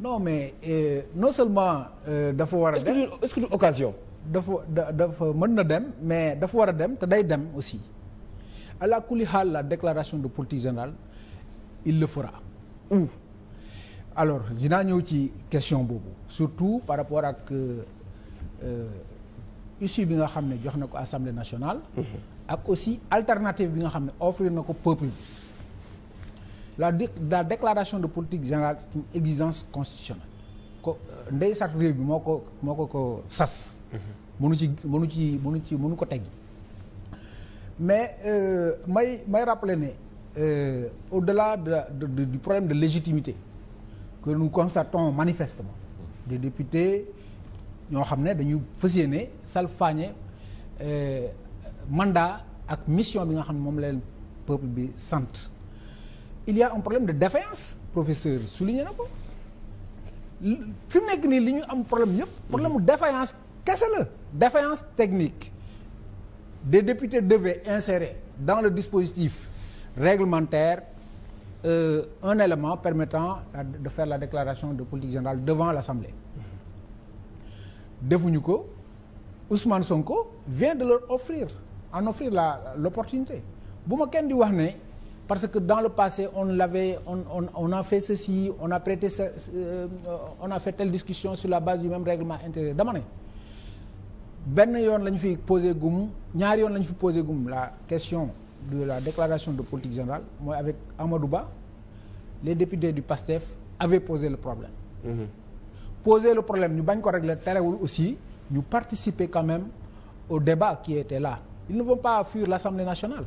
non mais euh, non seulement euh, dafa war a dem est-ce que occasion. dafa dafa mën na dem mais dafa war a dem te day dem aussi ala kulli xaal la déclaration de politique générale il le fera. Où? alors dinaa ñëw ci question boobu surtout par rapport ak euh, euh, issue bi nga xam ne jox na ko assemblée nationale. Mmh. ak aussi alternative bi nga xam ne offrir na ko peuple bi. la la déclaration de politique générale c'est une exigence constitutionnelle ko euh, ndey sartu réew bi moo ko moo ko ko sas mënu mhm. ci mënu ci mënu ci mënu ko teggi mais euh, may may rappeler ne euh, au-delà de, de, du problème de légitimité que nous constatons manifestement des députés ñoo xam ne dañu fas yéene salfaañe mandat ak mission bi nga xam ne moom leen peuple bi sant il y a problème de défaillance professeur souligné na ko fi mu nekk nii li ñu am problème yëpp problème mu défaillance kese la défaillance technique des députés devaient insérer dans le dispositif réglementaire euh, un élément permettant de faire la déclaration de politique générale devant l'Assemblée defuñu ko Ousmane Sonko vient de leur offrir en offrir la l'opportunité bu ma kenn di wax ne parce que dans le passé on l'avait on on on a fait ceci on a prêté ce, euh, on a fait telle discussion sur la base du même règlement intérieur dama ne benn yoon la ñu fi posé gum ñaari yoon la ñu fi posé gum la question de la déclaration de politique générale avec Amadou Ba les députés du PASTEF avaient posé le problème. Mmh. poser le problème ñu bañ ko régler terewul aussi ñu participer quand même au débat qui était là ils ne vont pas fuir l'Assemblée nationale.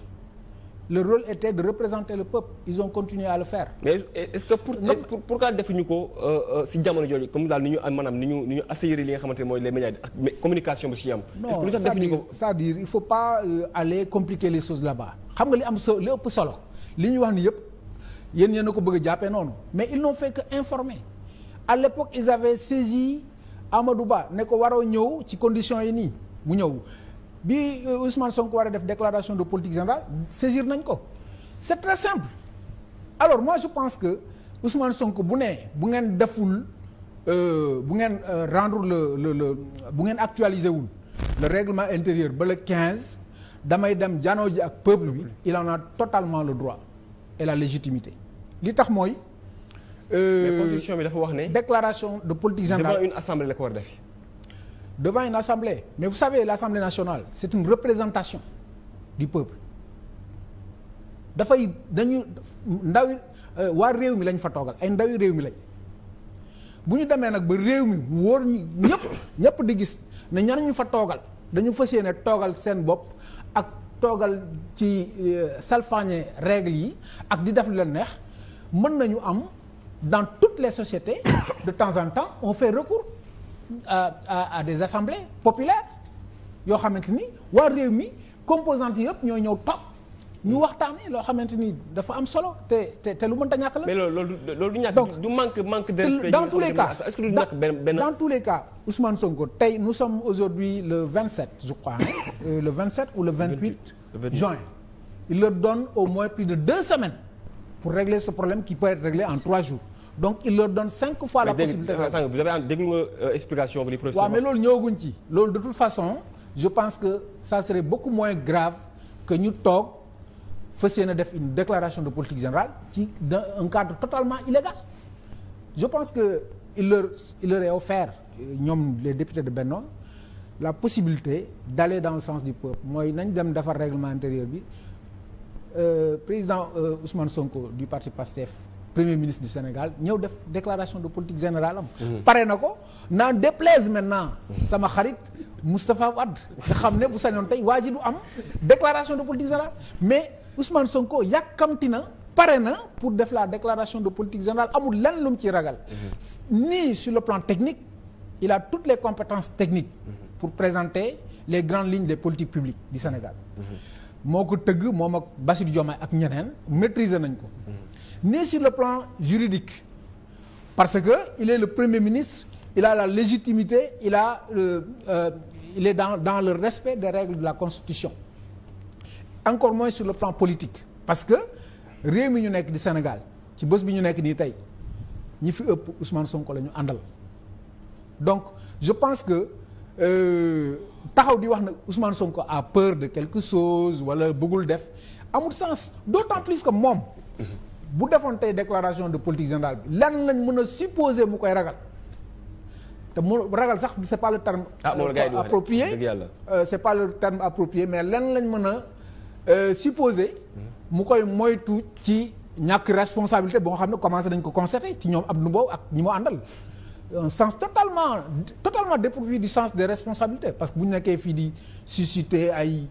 le rôle était de représenter le peuple ils ont continué à le faire. mais est-ce que pour pour pourquoi defuñu ko euh, euh, si jamono jooju comme daal ni ñu maanaam ni ñu ni ñu assaillir li nga xamante ne mooy les médias ak communication bi si am. est-ce ko c'est-à-dire il faut pas euh, aller compliquer les choses là-bas xam nga li am so li ëpp solo li ñu wax ni yëpp yéen yéen a ko bëgg a jàppee noonu mais ils n'ont fait que informer à l'époque ils avaient saisi Amadou Ba ne ko waroo ñëw ci conditions yi nii mu ñëw. bi euh, Ousmane Sonko war a def déclaration de politique générale saisir nañ ko c'est très simple alors moi je pense que Ousmane Sonko bu nee bu ngeen deful euh, bu ngeen euh, rendre le le bu ngeen actualiser wul le règlement intérieur ba le 15 damay dem janoo ji ak peuple bi il en a totalement le droit et la légitimité li tax mooy. mais constitution bi dafa wax ne. déclaration de politique générale devant une assemblée la ko war a devant une assemblée mais vous savez l'assemblée nationale c'est une représentation du peuple dafay dañu ndawi euh, waa réew mi lañ fa toogal ay ndawi réew mi lañ bu ñu demee nag ba réew mi wóor ñu ñëpp ñëpp di gis ne ñan ñu fa toogal dañu fas yéene toogal seen bopp ak toogal ci euh, salfaañe règles yi ak di def lu leen neex mën nañu am dans toutes les sociétés de temps en temps on fait recours à, à, des assemblées populaires yoo xamante ni waa réew mi composantes yëpp ñoo ñëw toog ñu waxtaanee loo xamante ni dafa am solo te te te lu mënta ñàkk la. mais loolu loolu du ñàkk du manque de respect dans tous les cas est-ce que du ñàkk tey nous sommes aujourd'hui le 27 je crois euh, le 27 ou le 28 juin il leur donne au moins plus de deux semaines pour régler ce problème qui peut être réglé en trois jours donc il leur donne cinq fois mais la possibilité de vous avez dégg nga euh, explication bi professeur waaw ci loolu de toute façon je pense que ça serait beaucoup moins grave que ñu toog fas yéene def une déclaration de politique générale ci dans un cadre totalement illégal je pense que il leur il leur est offert euh, ñoom les députés de Benno la possibilité d'aller dans le sens du peuple mooy nañ dem defar règlement intérieur bi euh, président Ousmane Sonko du parti PASTEF premier ministre du Sénégal ñëw def déclaration de politique générale am. Mhm. pare na ko naan déplaise maintenant. sama xarit Moustapha Wade nga xam ne bu sañoon tey waa ji du am déclaration de politique générale mais Ousmane Sonko yàkkamti na pare na pour def la déclaration de politique générale amul lan lu mu ciy ragal. Mhm. ni sur le plan technique il a toutes les compétences techniques. Mhm. pour présenter les grandes lignes des politiques publique du Sénégal. moo ko tëgg moom ak Bassirou Diomaye ak ñeneen maîtriser nañ ko. ni sur le plan juridique parce que il est le premier ministre il a la légitimité il a le, euh, il est dans dans le respect des règles de la constitution encore moins sur le plan politique parce que réew mi ñu nekk di Sénégal ci bés bi ñu nekk nii tey ñi fi ëpp Ousmane Sonko la ñu àndal donc je pense que euh, taxaw di wax ne Ousmane Sonko à peur de quelque chose wala bëggul def amul sens d'autant plus que moom. bu defoon tey déclaration de politique générale bi lan lañ mën a supposer mu koy ragal te mu ragal sax c'est pas le terme ah, euh, approprié euh, c'est pas le terme approprié mais lan lañ mën a euh, supposer mu koy moytu ci ñàkk responsabilité boo xam ne commencé nañ ko constater ci ñoom Abdou Mbow ak ñi mu àndal un sens totalement totalement dépourvu du sens des responsabilités parce que bu ñu nekkee fii di susciter ay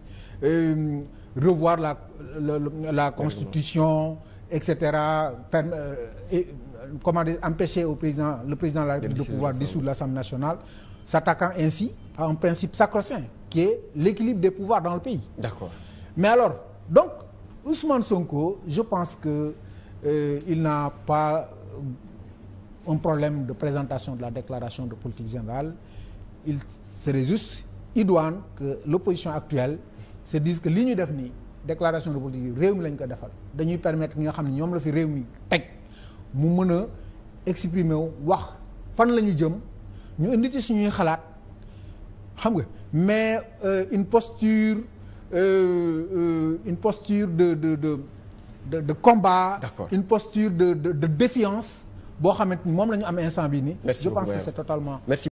revoir la la, la, la constitution et cetera permet euh, comment dire empêcher au président le président de la République de pouvoir dissoudre l'Assemblée nationale s'attaquant ainsi à un principe sacro-saint qui est l'équilibre des pouvoirs dans le pays. D'accord. Mais alors donc Ousmane Sonko je pense que euh, il n'a pas un problème de présentation de la déclaration de politique générale il serait juste idoine que l'opposition actuelle se dise que li ñu def nii déclaration de politique yi réew mi lañ ko defal dañuy permettre nga xam ne ñoom la fi réew mi teg mu mën a exprimer wu wax fan la ñu jëm ñu indi ci suñuy xalaat xam nga mais euh, une posture euh, euh une posture de de de de, de combat. D'accord. une posture de de de défiance boo xamante ni moom la ñu am instant bii nii. je pense que c'est totalement. Merci.